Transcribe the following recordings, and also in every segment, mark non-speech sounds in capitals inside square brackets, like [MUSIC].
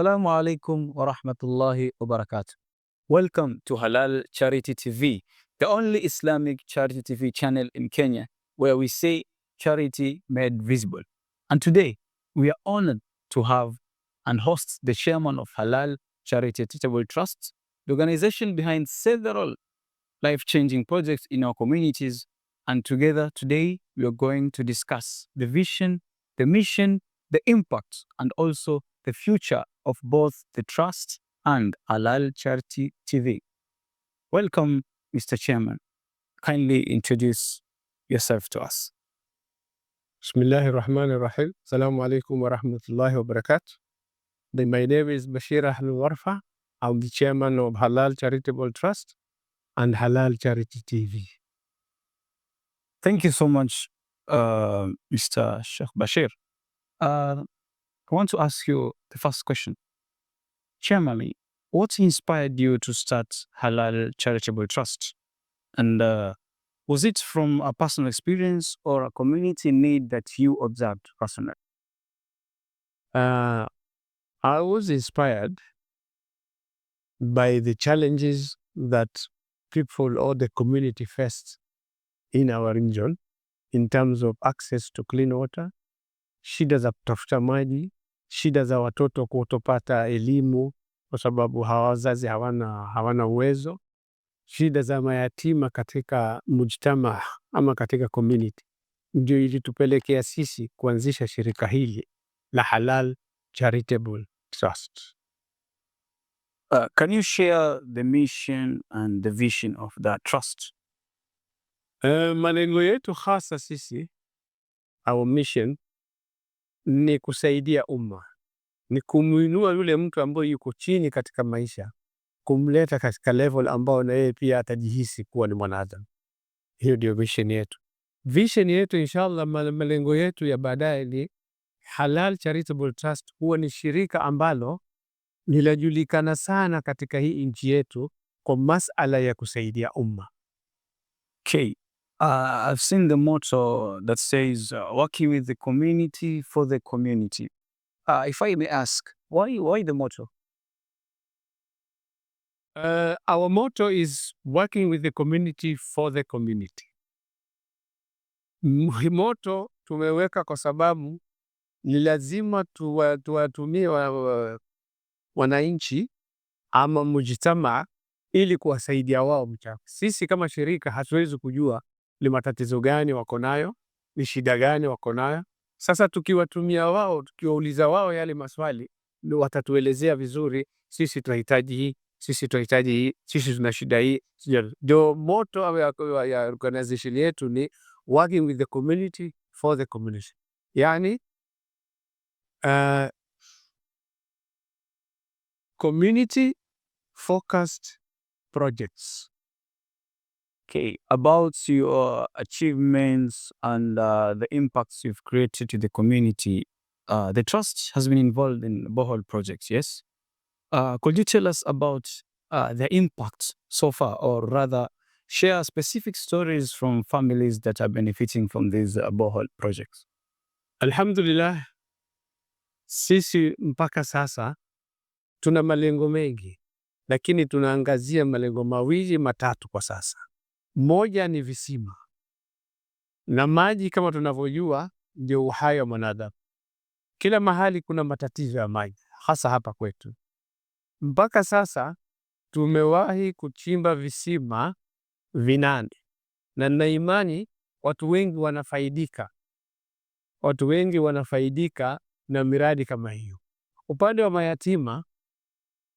Assalamu alaikum wa rahmatullahi wa barakatuh. Welcome to Halal Charity TV, the only Islamic Charity TV channel in Kenya where we say charity made visible. And today, we are honored to have and host the chairman of Halal Charity Teachable Trust, the organization behind several life-changing projects in our communities. And together today, we are going to discuss the vision, the mission, the impact, and also the future of both the Trust and Alal Charity TV. Welcome, Mr. Chairman. Kindly introduce yourself to us. Bismillahir Rahmanir Rahim. Assalamu alaikum wa rahmatullahi wa barakatuh. My name is Bashir Al Warfa. I'm the chairman of Halal Charitable Trust and Halal Charity TV. Thank you so much, uh, Mr. Sheikh Bashir. Uh, I want to ask you the first question. Chairman, what inspired you to start Halal Charitable Trust? And uh, was it from a personal experience or a community need that you observed personally? Uh, I was inspired by the challenges that people or the community faced in our region in terms of access to clean water, shida za maji, shida za watoto kutopata elimu kwa sababu hawa wazazi hawana, hawana uwezo, shida za mayatima katika mujtama ama katika community, ndio ilitupelekea sisi kuanzisha shirika hili la Halal Charitable Trust. Uh, can you share the mission and the vision of that trust? Uh, malengo yetu hasa sisi, our mission ni kusaidia umma, ni kumwinua yule mtu ambaye yuko chini katika maisha, kumleta katika level ambayo na yeye pia atajihisi kuwa ni mwanadamu. Hiyo ndio vision yetu. Vision yetu inshallah, malengo yetu ya baadaye ni halal Charitable Trust huwa ni shirika ambalo linajulikana sana katika hii nchi yetu kwa masala ya kusaidia umma. Okay. Uh, I've seen the motto that says uh, working with the community for the community. Uh, if I may ask, why why the motto? Uh, our motto is working with the community for the community. [LAUGHS] Motto tumeweka kwa sababu ni lazima tuwatumie wananchi wa ama mujitamaa ili kuwasaidia wao mchako. Sisi kama shirika hatuwezi kujua ni matatizo gani wako nayo, ni shida gani wako nayo. Sasa tukiwatumia wao, tukiwauliza wao yale maswali, watatuelezea vizuri, sisi tunahitaji hii, sisi tunahitaji hii, sisi tuna shida hii. Ndio moto ya organization yetu ni working with the community for the community, yani uh, community focused projects. Okay, about your achievements and uh, the impacts you've created to the community. Uh, the trust has been involved in borehole projects, yes? Uh, could you tell us about uh, the impact so far, or rather, share specific stories from families that are benefiting from these uh, borehole projects? Alhamdulillah, sisi mpaka sasa tuna malengo mengi, lakini tunaangazia malengo mawili matatu kwa sasa. Moja ni visima, na maji kama tunavyojua ndio uhai wa mwanadamu. Kila mahali kuna matatizo ya maji, hasa hapa kwetu. Mpaka sasa tumewahi kuchimba visima vinane, na nina imani watu wengi wanafaidika, watu wengi wanafaidika na miradi kama hiyo. Upande wa mayatima,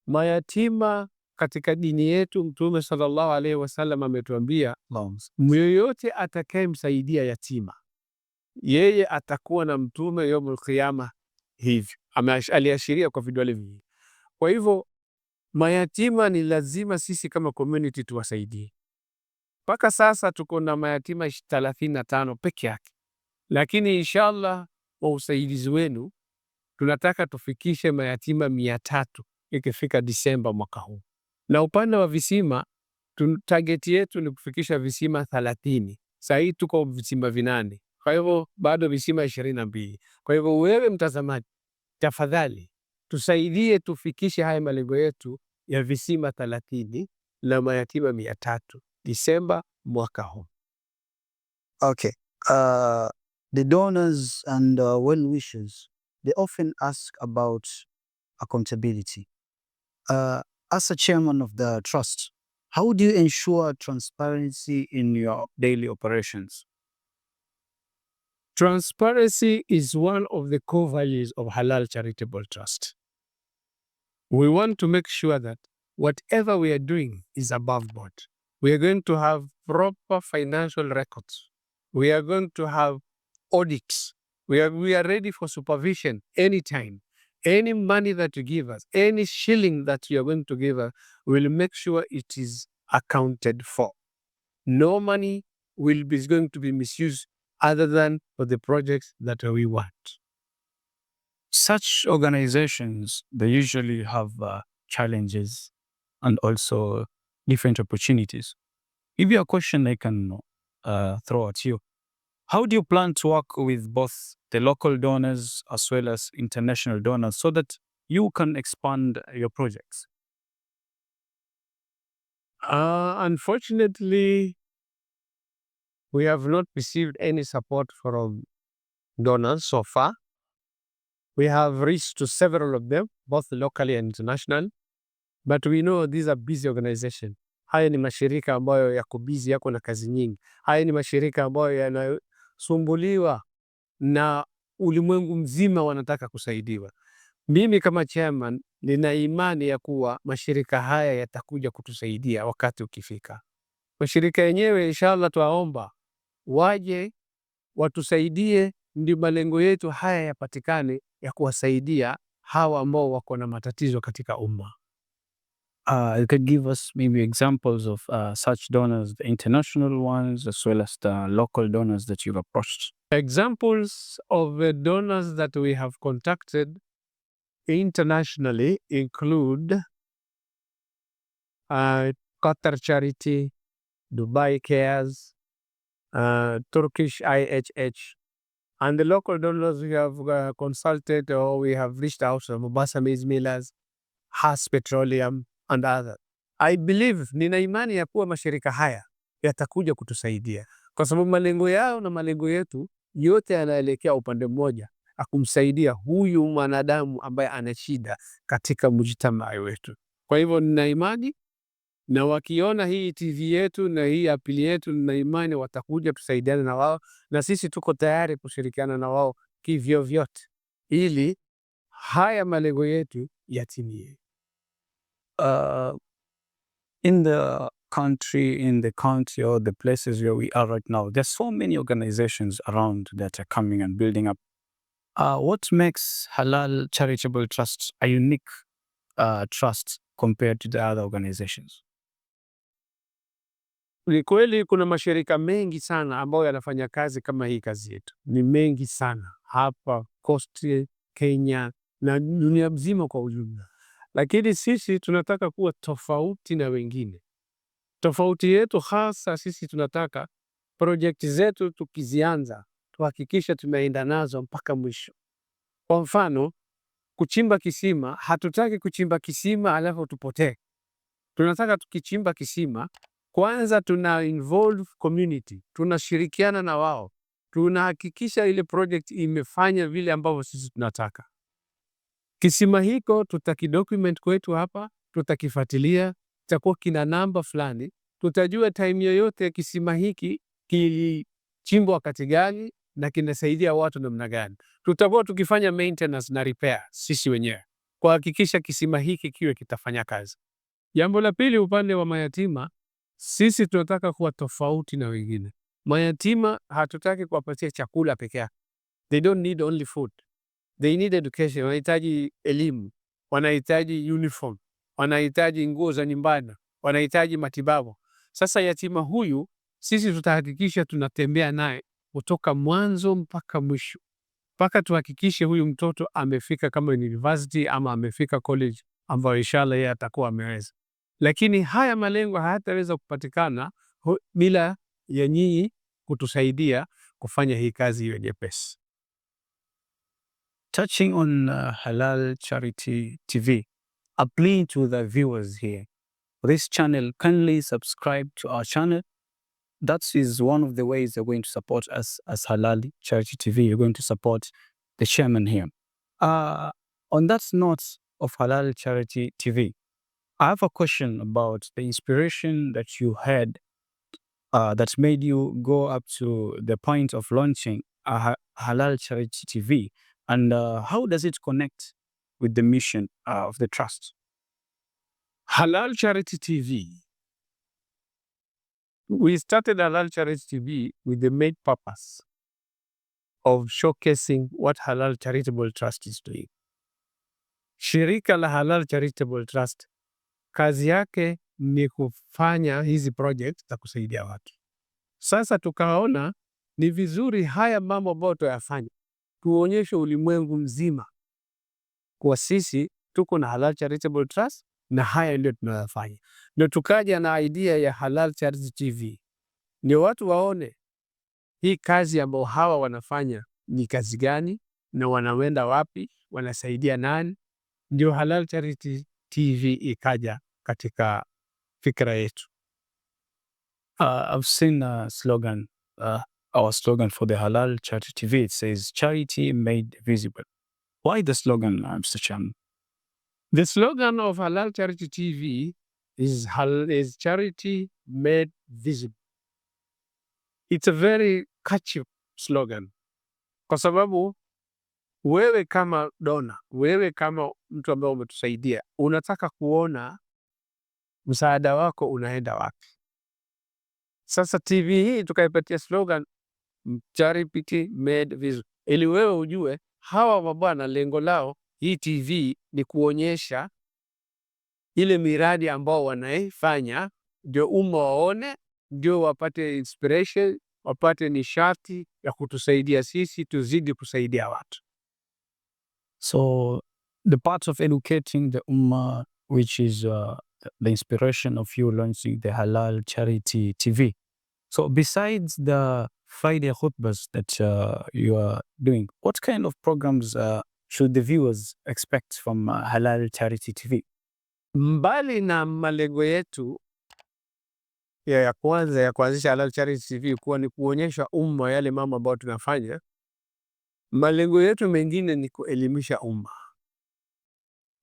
mayatima katika dini yetu Mtume sallallahu alaihi wasallam ametuambia, yoyote atakayemsaidia yatima yeye atakuwa na Mtume yaumul kiyama. Hivyo aliashiria kwa vidole viwili. Kwa hivyo mayatima ni lazima sisi kama community tuwasaidie. Mpaka sasa tuko na mayatima 35 peke yake, lakini inshallah kwa usaidizi wenu tunataka tufikishe mayatima mia tatu ikifika Disemba mwaka huu. Na upande wa visima, target yetu ni kufikisha visima 30. Sasa hii tuko visima vinane, kwa hivyo bado visima 22. Kwa hivyo wewe mtazamaji, tafadhali tusaidie tufikishe haya malengo yetu ya visima 30 na mayatima 300 Disemba mwaka huu. Okay. Uh, the donors and uh, well wishers they often ask about accountability. Uh, as a chairman of the trust, how do you ensure transparency in your daily operations? Transparency is one of the core values of Halal Charitable Trust. We want to make sure that whatever we are doing is above board. We are going to have proper financial records. We are going to have audits. We are, we are ready for supervision anytime any money that you give us, any shilling that you're going to give us, will make sure it is accounted for. No money will be, is going to be misused other than for the projects that we want. Such organizations, they usually have uh, challenges and also different opportunities. If you a question I can uh, throw at you, how do you plan to work with both the local donors as well as international donors so that you can expand your projects? Uh, unfortunately, we have not received any support from donors so far. We have reached to several of them, both locally and international, but we know these are busy organizations. Haya ni mashirika ambayo yako busy, yako na kazi nyingi. Haya ni mashirika ambayo wanasumbuliwa na ulimwengu mzima wanataka kusaidiwa. Mimi kama chairman nina imani ya kuwa mashirika haya yatakuja kutusaidia wakati ukifika. Mashirika yenyewe inshallah, twaomba waje watusaidie, ndio malengo yetu haya yapatikane, ya kuwasaidia hawa ambao wako na matatizo katika umma. Uh, you could give us maybe examples of uh, such donors, the international ones, as well as the local donors that you've approached. Examples of the donors that we have contacted internationally include uh, Qatar Charity, Dubai Cares, uh, Turkish IHH, and the local donors we have uh, consulted or we have reached out to Mombasa Maize Millers, Haas Petroleum, and others. I believe, nina imani ya kuwa mashirika haya yatakuja kutusaidia kwa sababu malengo yao na malengo yetu yote yanaelekea upande mmoja, akumsaidia huyu mwanadamu ambaye ana shida katika mjitamaa wetu. Kwa hivyo nina imani na wakiona hii TV yetu na hii apili yetu, nina imani watakuja tusaidiane na wao, na sisi tuko tayari kushirikiana na wao kivyovyote, ili haya malengo yetu yatimie uh, in the country, in the county, or the places where we are right now, there's so many organizations around that are coming and building up. Uh, what makes Halal Charitable Trust a unique uh, trust compared to the other organizations? Ni kweli kuna mashirika mengi sana ambayo yanafanya kazi kama hii kazi yetu, ni mengi sana hapa Coast Kenya na dunia mzima kwa ujumla lakini sisi tunataka kuwa tofauti na wengine. Tofauti yetu hasa sisi tunataka projekti zetu tukizianza, tuhakikisha tumeenda nazo mpaka mwisho. Kwa mfano, kuchimba kisima, hatutaki kuchimba kisima alafu tupotee. Tunataka tukichimba kisima kwanza tuna involve community, tunashirikiana na wao, tunahakikisha ile project imefanya vile ambavyo sisi tunataka. Kisima hiko tutakidocument kwetu hapa, tutakifuatilia, chakuwa kina namba fulani, tutajua time yoyote kisima hiki kilichimbwa wakati gani na kinasaidia watu namna gani. Tutakuwa tukifanya maintenance na repair sisi wenyewe kuhakikisha kisima hiki kiwe kitafanya kazi. Jambo la pili, upande wa mayatima, sisi tunataka kuwa tofauti na wengine. Mayatima hatutaki kuwapatia chakula peke yake, they don't need only food they need education, wanahitaji elimu, wanahitaji uniform, wanahitaji nguo za nyumbani, wanahitaji matibabu. Sasa yatima huyu sisi tutahakikisha tunatembea naye kutoka mwanzo mpaka mwisho, mpaka tuhakikishe huyu mtoto amefika kama university ama amefika college, ambayo inshallah yeye atakuwa ameweza. Lakini haya malengo hayataweza kupatikana bila ya nyinyi kutusaidia kufanya hii kazi iwe nyepesi. touching on uh, Halal Charity TV, a plea to the viewers here. This channel, kindly subscribe to our channel. That is one of the ways they're going to support us as Halal Charity TV. You're going to support the chairman here. Uh, on that note of Halal Charity TV, I have a question about the inspiration that you had uh, that made you go up to the point of launching a Halal Charity TV and uh, how does it connect with the mission uh, of the trust? Halal Charity TV. We started Halal Charity TV with the main purpose of showcasing what Halal Charitable Trust is doing. Shirika la Halal Charitable Trust kazi yake ni kufanya hizi project za kusaidia watu. Sasa tukaona ni vizuri haya mambo ambayo tuyafanya tuonyeshe ulimwengu mzima kwa sisi tuko na Halal Charitable Trust na haya ndio tunayofanya. Ndio tukaja na idea ya Halal Charity TV, ndio watu waone hii kazi ambao hawa wanafanya ni kazi gani na wanawenda wapi, wanasaidia nani. Ndio Halal Charity TV ikaja katika fikra yetu. Uh, I've seen a slogan uh, our slogan for the Halal Charity TV. It says, Charity Made Visible. Why the slogan, uh, Mr. Chan? The slogan of Halal Charity TV is, is Charity Made Visible. It's a very catchy slogan kwa sababu wewe kama dona, wewe kama mtu ambaye umetusaidia, unataka kuona msaada wako unaenda wapi. Sasa TV hii tukaipatia slogan charity made vizuri, ili wewe ujue hawa mabwana lengo lao hii TV ni kuonyesha ile miradi ambao wanaifanya, ndio umma waone, ndio wapate inspiration, wapate nishati ya kutusaidia sisi tuzidi kusaidia watu. So the part of educating the umma which is uh, the inspiration of you launching the Halal Charity TV So besides the Friday khutbas that uh, you are doing, what kind of programs uh, should the viewers expect from uh, Halal Charity TV? Mbali na malengo yetu ya, ya kwanza ya kuanzisha Halal Charity TV kuwa ni kuonyesha umma yale mambo ambayo tunafanya, malengo yetu mengine ni kuelimisha umma,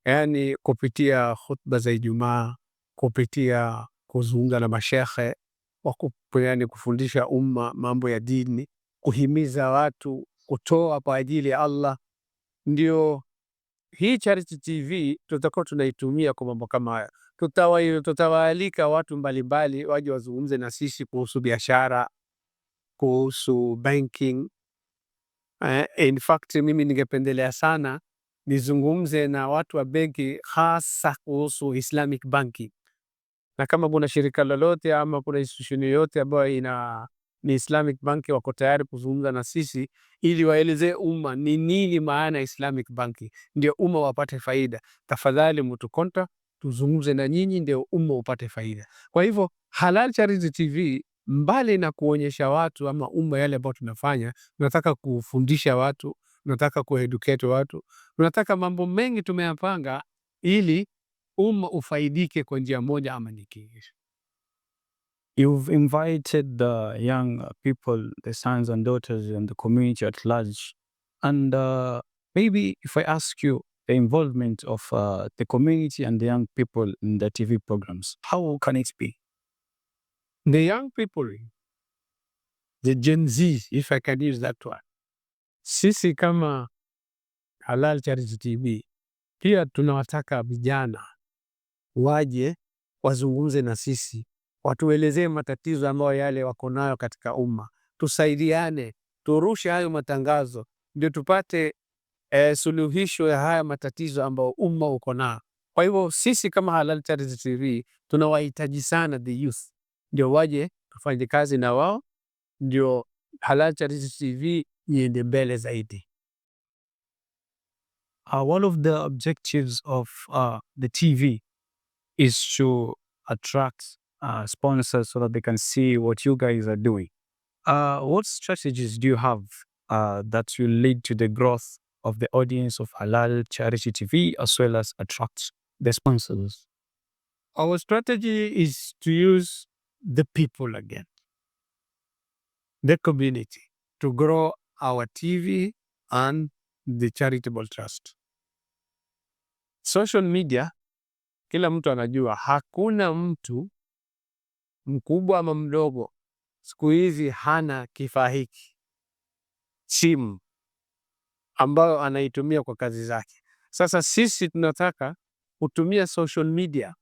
yaani kupitia khutba za Ijumaa, kupitia kuzungumza na mashekhe kupeani kufundisha umma mambo ya dini, kuhimiza watu kutoa kwa ajili ya Allah. Ndio hii Charity TV tutakuwa tunaitumia kwa mambo kama haya. Tutawaalika watu mbalimbali waje wazungumze na sisi kuhusu biashara, kuhusu banking. Uh, in fact mimi ningependelea sana nizungumze na watu wa benki hasa kuhusu Islamic banking na kama kuna shirika lolote ama kuna institution yoyote ambayo ina ni Islamic Bank wako tayari kuzungumza na sisi ili waelezee umma ni nini maana ya Islamic Bank, ndio umma wapate faida. Tafadhali mtu konta, tuzungumze na nyinyi, ndio umma upate faida. Kwa hivyo Halal Charity TV mbali na kuonyesha watu ama umma yale ambayo tunafanya, tunataka kufundisha watu, tunataka kueducate watu, tunataka mambo mengi tumeyapanga ili umma ufaidike kwa njia moja ama nyingine. You've invited the young people, the sons and daughters and the community at large. And uh, maybe if I ask you the involvement of uh, the community and the young people in the TV programs, how can it be? The young people, the Gen Z, if I can use that one. Sisi kama Halal Charity TV pia tunawataka vijana waje wazungumze na sisi, watuelezee matatizo ambayo yale wako nayo katika umma, tusaidiane, turushe hayo matangazo ndio tupate eh, suluhisho ya haya matatizo ambayo umma uko nayo. Kwa hivyo sisi kama Halal Charity TV tunawahitaji sana the youth, ndio waje tufanye kazi na wao, ndio Halal Charity TV iende mbele zaidi. Uh, one of the objectives of uh, the TV is to attract uh, sponsors so that they can see what you guys are doing. Uh, what strategies do you have uh, that will lead to the growth of the audience of Halal Charity TV as well as attract the sponsors? Our strategy is to use the people again, the community, to grow our TV and the charitable trust. Social media Kila mtu anajua hakuna mtu mkubwa ama mdogo siku hizi hana kifaa hiki, simu ambayo anaitumia kwa kazi zake. Sasa sisi tunataka kutumia social media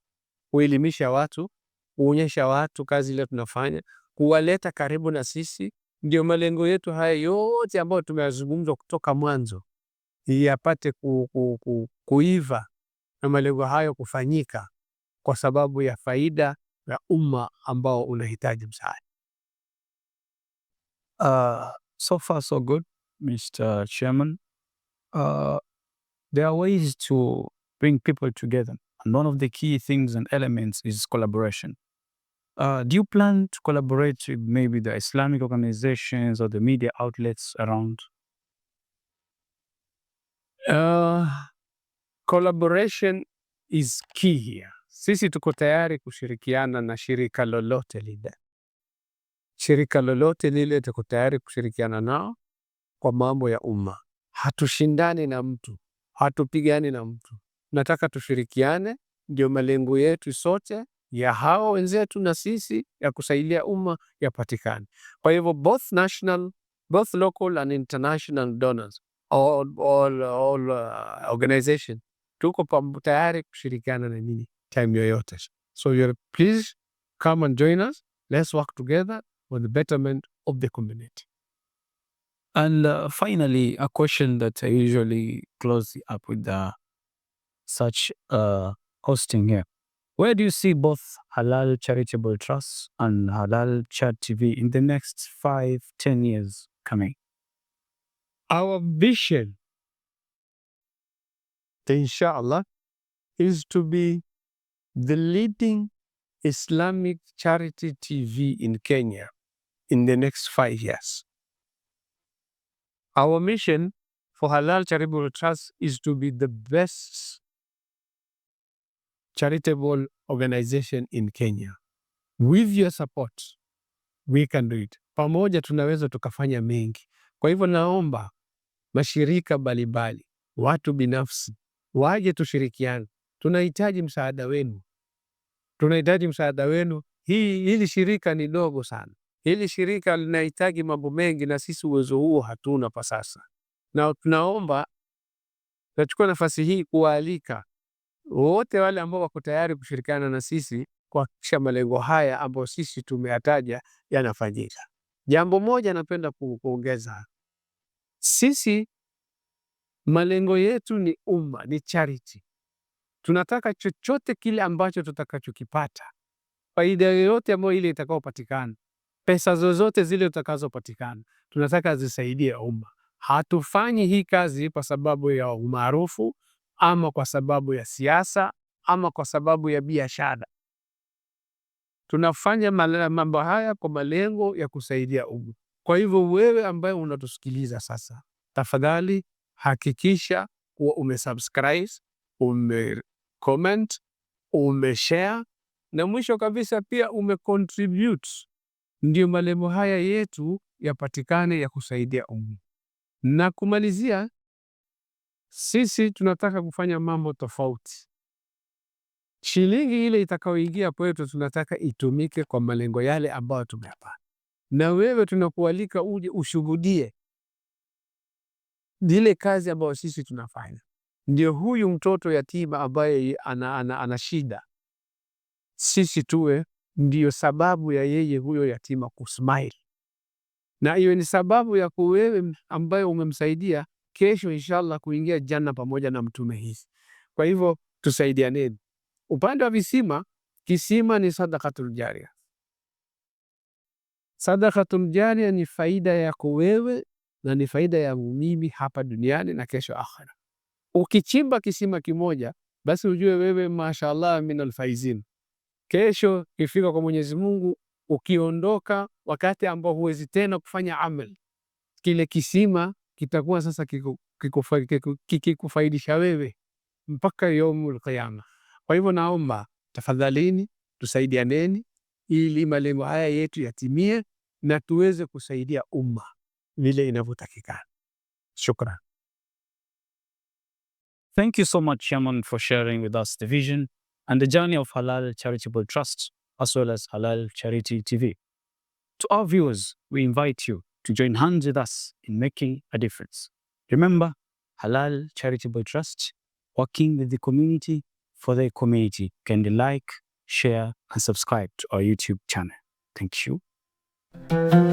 kuelimisha watu, kuonyesha watu kazi ile tunafanya, kuwaleta karibu na sisi. Ndio malengo yetu haya yote ambayo tumeyazungumza kutoka mwanzo yapate ku, ku, ku, kuiva na malengo hayo kufanyika kwa sababu ya faida ya umma ambao unahitaji msaada. Uh, so far so good Mr. Chairman. Uh, there are ways to bring people together and one of the key things and elements is collaboration. Uh, do you plan to collaborate with maybe the Islamic organizations or the media outlets around? Uh, Collaboration is key here. Sisi tuko tayari kushirikiana na shirika lolote lile, shirika lolote lile tuko tayari kushirikiana nao kwa mambo ya umma. Hatushindani na mtu, hatupigani na mtu, nataka tushirikiane. Ndio malengo yetu sote ya hawa wenzetu na sisi ya kusaidia umma yapatikane. Kwa hivyo both national, both local and international donors all, all, all, uh, organization tuko tayari kushirikiana na nyinyi time yoyote. So you're please come and join us. Let's work together for the betterment of the community. And uh, finally, a question that I usually close up with uh, such uh, hosting here. Where do you see both Halal Charitable Trust and Halal Chat TV in the next five, ten years coming? Our vision inshallah, is to be the leading Islamic charity TV in Kenya in the next five years. Our mission for Halal Charitable Trust is to be the best charitable organization in Kenya. With your support, we can do it. Pamoja tunaweza tukafanya mengi. Kwa hivyo naomba mashirika mbalimbali, watu binafsi waje tushirikiane. Tunahitaji msaada wenu, tunahitaji msaada wenu. Hii hili shirika ni dogo sana, hili shirika linahitaji mambo mengi, na sisi uwezo huo hatuna kwa sasa, na tunaomba tunachukua nafasi hii kuwaalika wote wale ambao wako tayari kushirikiana na sisi kuhakikisha malengo haya ambayo sisi tumeyataja yanafanyika. Jambo moja napenda kuongeza, sisi Malengo yetu ni umma, ni charity. Tunataka chochote kile ambacho tutakachokipata, faida yoyote ambayo ile itakayopatikana, pesa zozote zile zitakazopatikana, tunataka zisaidie umma. Hatufanyi hii kazi kwa sababu ya umaarufu ama kwa sababu ya siasa ama kwa sababu ya biashara. Tunafanya mambo haya kwa malengo ya kusaidia umma. Kwa hivyo wewe ambaye unatusikiliza sasa, tafadhali hakikisha kuwa umesubscribe, umecomment, umeshare na mwisho kabisa pia umecontribute, ndio malengo haya yetu yapatikane ya kusaidia umma. Na kumalizia, sisi tunataka kufanya mambo tofauti. Shilingi ile itakayoingia kwetu tunataka itumike kwa malengo yale ambayo tumeyapanga, na wewe tunakualika uje ushuhudie zile kazi ambayo sisi tunafanya. Ndio huyu mtoto yatima ambaye ana, ana, ana shida, sisi tuwe ndiyo sababu ya yeye huyo yatima kusmile, na iwe ni sababu ya kuwewe ambayo umemsaidia kesho inshallah kuingia janna pamoja na mtume hizi. Kwa hivyo tusaidianeni. Upande wa visima, kisima ni sadakatul jaria. Sadakatul jaria ni faida yako wewe na ni faida ya mimi hapa duniani na kesho akhera. Ukichimba kisima kimoja, basi ujue wewe mashallah min alfaizin. Kesho ifika kwa Mwenyezi Mungu, ukiondoka wakati ambao huwezi tena kufanya amal, kile kisima kitakuwa sasa kikikufaidisha wewe mpaka yaumul qiyama. Kwa hivyo naomba tafadhalini, tusaidianeni ili malengo haya yetu yatimie na tuweze kusaidia umma. Thank you so much, Yaman, for sharing with us the vision and the journey of Halal Charitable Trust as well as Halal Charity TV. To our viewers, we invite you to join hands with us in making a difference. Remember, Halal Charitable Trust, working with the community for the community. Can you like, share, and subscribe to our YouTube channel? Thank you.